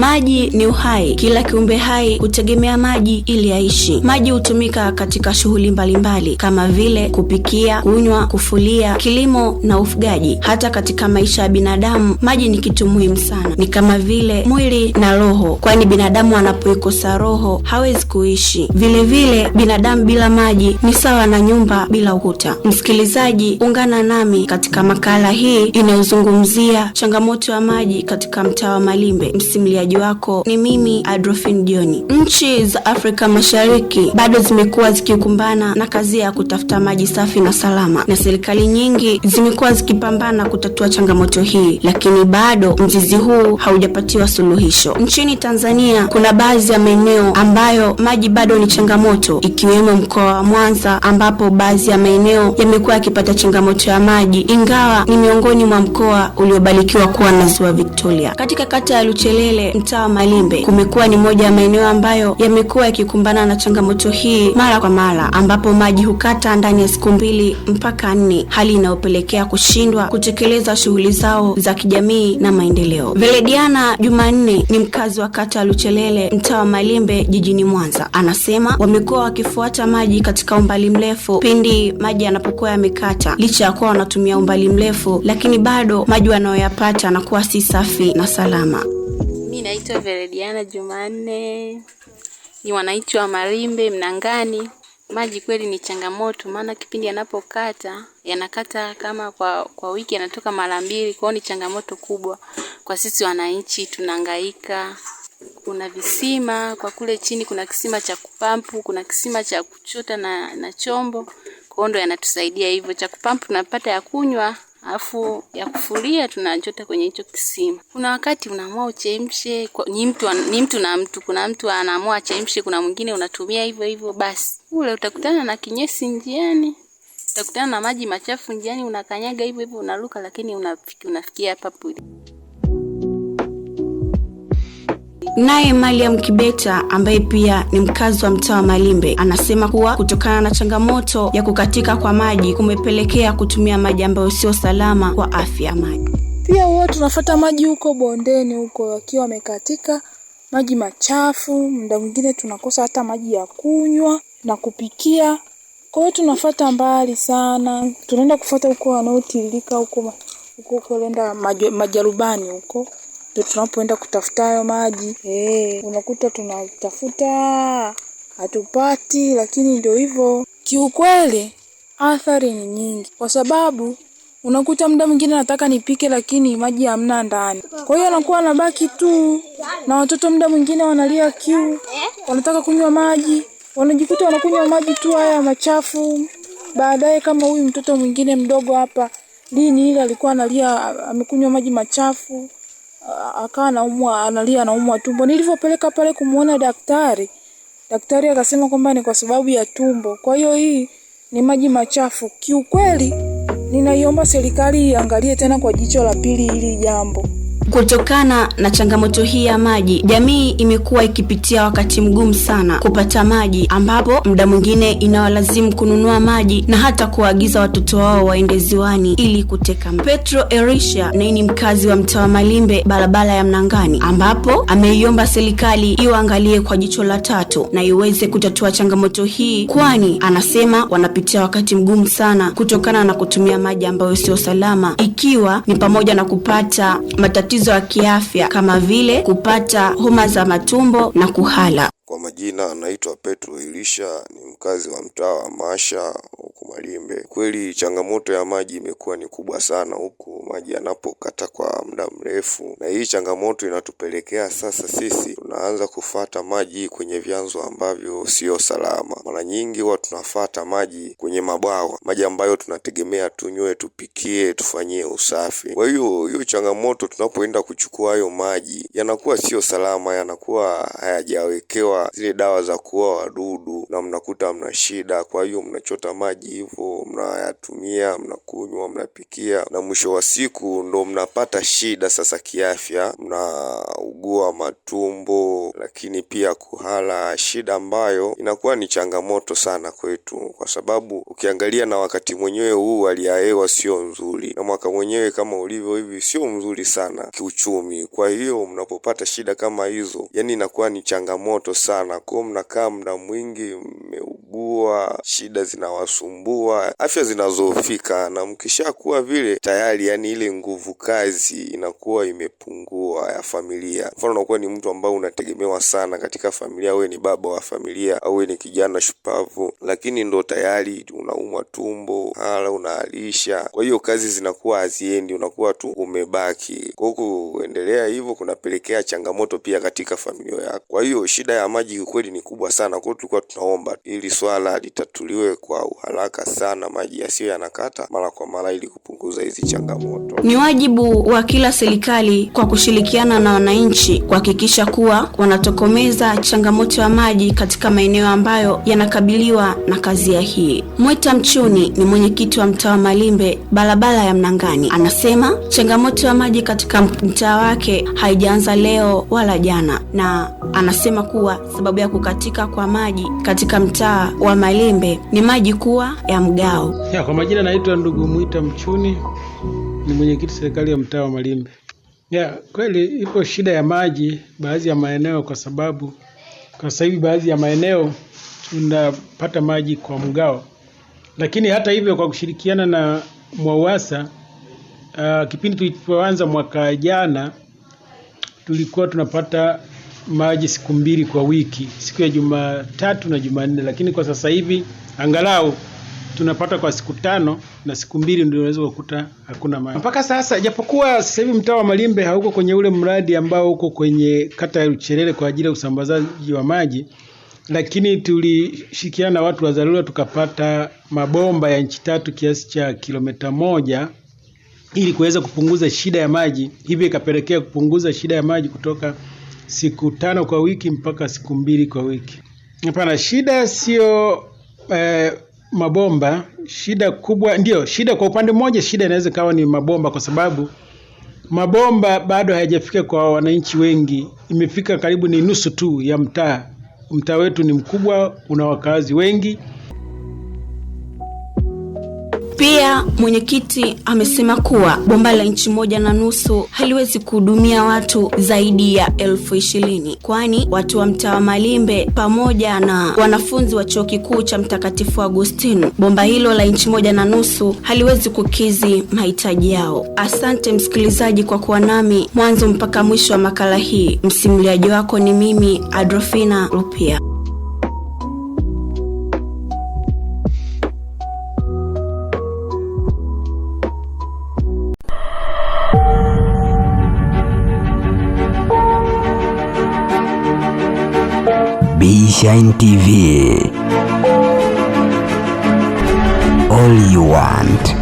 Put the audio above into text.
Maji ni uhai. Kila kiumbe hai hutegemea maji ili aishi. Maji hutumika katika shughuli mbalimbali kama vile kupikia, kunywa, kufulia, kilimo na ufugaji. Hata katika maisha ya binadamu maji ni kitu muhimu sana, ni kama vile mwili na roho, kwani binadamu anapoikosa roho hawezi kuishi. Vilevile binadamu bila maji ni sawa na nyumba bila ukuta. Msikilizaji, ungana nami katika makala hii inayozungumzia changamoto ya maji katika mtaa wa Malimbe. Msimuliaji mwenyeji wako ni mimi Adrofin Joni. Nchi za Afrika Mashariki bado zimekuwa zikikumbana na kazi ya kutafuta maji safi na salama, na serikali nyingi zimekuwa zikipambana kutatua changamoto hii, lakini bado mzizi huu haujapatiwa suluhisho. Nchini Tanzania kuna baadhi ya maeneo ambayo maji bado ni changamoto, ikiwemo mkoa wa Mwanza ambapo baadhi ya maeneo yamekuwa yakipata changamoto ya maji, ingawa ni miongoni mwa mkoa uliobarikiwa kuwa na ziwa Victoria. Katika kata ya Luchelele mtaa wa Malimbe kumekuwa ni moja ya maeneo ambayo yamekuwa yakikumbana na changamoto hii mara kwa mara, ambapo maji hukata ndani ya siku mbili mpaka nne, hali inayopelekea kushindwa kutekeleza shughuli zao za kijamii na maendeleo. Velediana Jumanne ni mkazi wa kata ya Luchelele, mtaa wa Malimbe, jijini Mwanza, anasema wamekuwa wakifuata maji katika umbali mrefu pindi maji yanapokuwa yamekata, licha ya kuwa wanatumia umbali mrefu, lakini bado maji wanayoyapata yanakuwa si safi na salama. Mi naitwa Verediana Jumanne, ni wananchi wa Marimbe Mnangani. Maji kweli ni changamoto, maana kipindi yanapokata yanakata kama kwa, kwa wiki yanatoka mara mbili. Kwao ni changamoto kubwa kwa sisi wananchi, tunahangaika. Kuna visima kwa kule chini, kuna kisima cha kupampu, kuna kisima cha kuchota na, na chombo. Kwao ndo yanatusaidia hivyo, cha kupampu tunapata ya kunywa alafu ya kufulia tunachota kwenye hicho kisima. Kuna wakati unaamua uchemshe, ni mtu ni mtu na mtu, kuna mtu anaamua achemshe, kuna mwingine unatumia hivyo hivyo. Basi ule utakutana na kinyesi njiani, utakutana na maji machafu njiani, unakanyaga hivyo hivyo unaruka, lakini unafikia hapa puli Naye Mariam Kibeta ambaye pia ni mkazi wa mtaa wa Malimbe anasema kuwa kutokana na changamoto ya kukatika kwa maji kumepelekea kutumia maji ambayo sio salama kwa afya ya maji. Pia huwa tunafata maji huko bondeni huko akiwa wamekatika maji machafu, muda mwingine tunakosa hata maji ya kunywa na kupikia. Kwa hiyo tunafata mbali sana, tunaenda kufata huko wanaotiririka huko huko, kwenda majarubani huko ndio tunapoenda kutafuta hayo maji eh, unakuta tunatafuta hatupati, lakini ndio hivyo. Kiukweli athari ni nyingi, kwa sababu unakuta muda mwingine nataka nipike, lakini maji hamna ndani, kwa hiyo anakuwa anabaki tu, na watoto muda mwingine wanalia kiu, wanataka kunywa maji, wanajikuta wanakunywa maji tu haya machafu. Baadaye kama huyu mtoto mwingine mdogo hapa, lini ile alikuwa analia amekunywa maji machafu akawa anaumwa, analia, anaumwa tumbo. Nilivyopeleka pale kumuona daktari, daktari akasema kwamba ni kwa sababu ya tumbo. Kwa hiyo hii ni maji machafu. Kiukweli, ninaiomba serikali iangalie tena kwa jicho la pili hili jambo. Kutokana na changamoto hii ya maji, jamii imekuwa ikipitia wakati mgumu sana kupata maji, ambapo muda mwingine inawalazimu kununua maji na hata kuwaagiza watoto wao waende ziwani ili kuteka. Petro Erisha naye ni mkazi wa mtaa wa Malimbe, barabara ya Mnangani, ambapo ameiomba serikali iwaangalie kwa jicho la tatu na iweze kutatua changamoto hii, kwani anasema wanapitia wakati mgumu sana kutokana na kutumia maji ambayo sio salama, ikiwa ni pamoja na kupata matatizo matatizo ya kiafya kama vile kupata homa za matumbo na kuhala majina jina Petro Elisha, ni mkazi wa mtaa wa Masha huku Malimbe. Kweli changamoto ya maji imekuwa ni kubwa sana huku, maji yanapokata kwa muda mrefu, na hii changamoto inatupelekea sasa sisi tunaanza kufata maji kwenye vyanzo ambavyo sio salama. Mara nyingi huwa tunafata maji kwenye mabwawa, maji ambayo tunategemea tunywe, tupikie, tufanyie usafi. Kwa hiyo hiyo changamoto, tunapoenda kuchukua hayo maji yanakuwa sio salama, yanakuwa hayajawekewa zile dawa za kuua wadudu na mnakuta mna shida, kwa hiyo mnachota maji hivyo mnayatumia, mnakunywa, mnapikia na mwisho wa siku ndo mnapata shida sasa kiafya, mnaugua matumbo, lakini pia kuhara, shida ambayo inakuwa ni changamoto sana kwetu, kwa sababu ukiangalia na wakati mwenyewe huu hali ya hewa sio nzuri, na mwaka mwenyewe kama ulivyo hivi sio mzuri sana kiuchumi. Kwa hiyo mnapopata shida kama hizo, yani inakuwa ni changamoto sana mnakuwa mnakaa muda mwingi wanaugua, shida zinawasumbua, afya zinazofika, na mkishakuwa vile tayari, yani ile nguvu kazi inakuwa imepungua ya familia. Mfano, unakuwa ni mtu ambaye unategemewa sana katika familia, wewe ni baba wa familia au ni kijana shupavu, lakini ndo tayari unaumwa tumbo, hala unaalisha. Kwa hiyo kazi zinakuwa haziendi, unakuwa tu umebaki. Kwa kuendelea hivyo kunapelekea changamoto pia katika familia yako. Kwa hiyo shida ya maji kweli ni kubwa sana, kwa hiyo tulikuwa tunaomba ili swala litatuliwe kwa uharaka sana, maji yasiyo yanakata mara kwa mara, ili kupunguza hizi changamoto. Ni wajibu wa kila serikali kwa kushirikiana na wananchi kuhakikisha kuwa wanatokomeza changamoto ya maji katika maeneo ambayo yanakabiliwa na kazia hii. Mweta Mchuni ni mwenyekiti wa mtaa wa Malimbe, barabara ya Mnangani, anasema changamoto ya maji katika mtaa wake haijaanza leo wala jana na anasema kuwa sababu ya kukatika kwa maji katika mtaa wa Malembe ni maji kuwa ya mgao. Ya, kwa majina naitwa ndugu Mwita Mchuni, ni mwenyekiti serikali ya mtaa wa Malembe. Ya, kweli ipo shida ya maji baadhi ya maeneo, kwa sababu kwa sasa hivi baadhi ya maeneo tunapata maji kwa mgao, lakini hata hivyo kwa kushirikiana na MWAUWASA uh, ah, kipindi tulipoanza mwaka jana tulikuwa tunapata maji siku mbili kwa wiki, siku ya Jumatatu na Jumanne, lakini kwa sasa hivi angalau tunapata kwa siku tano na siku mbili ndio unaweza kukuta hakuna maji mpaka sasa, japokuwa sasa hivi mtaa wa Malimbe hauko kwenye ule mradi ambao uko kwenye kata ya Luchelele kwa ajili ya usambazaji wa maji, lakini tulishirikiana na watu wa dharura tukapata mabomba ya nchi tatu kiasi cha kilomita moja ili kuweza kupunguza shida ya maji, hivyo ikapelekea kupunguza shida ya maji kutoka siku tano kwa wiki mpaka siku mbili kwa wiki. Hapana, shida sio eh, mabomba. Shida kubwa ndio shida, kwa upande mmoja shida inaweza kawa ni mabomba, kwa sababu mabomba bado hayajafika kwa wananchi wengi, imefika karibu ni nusu tu ya mtaa. Mtaa wetu ni mkubwa, una wakazi wengi. Pia mwenyekiti amesema kuwa bomba la inchi moja na nusu haliwezi kuhudumia watu zaidi ya elfu ishirini kwani watu wa mtaa wa Malimbe pamoja na wanafunzi wa chuo kikuu cha Mtakatifu Agustino, bomba hilo la inchi moja na nusu haliwezi kukidhi mahitaji yao. Asante msikilizaji kwa kuwa nami mwanzo mpaka mwisho wa makala hii. Msimuliaji wako ni mimi Adrofina Rupia. shine TV. All you want.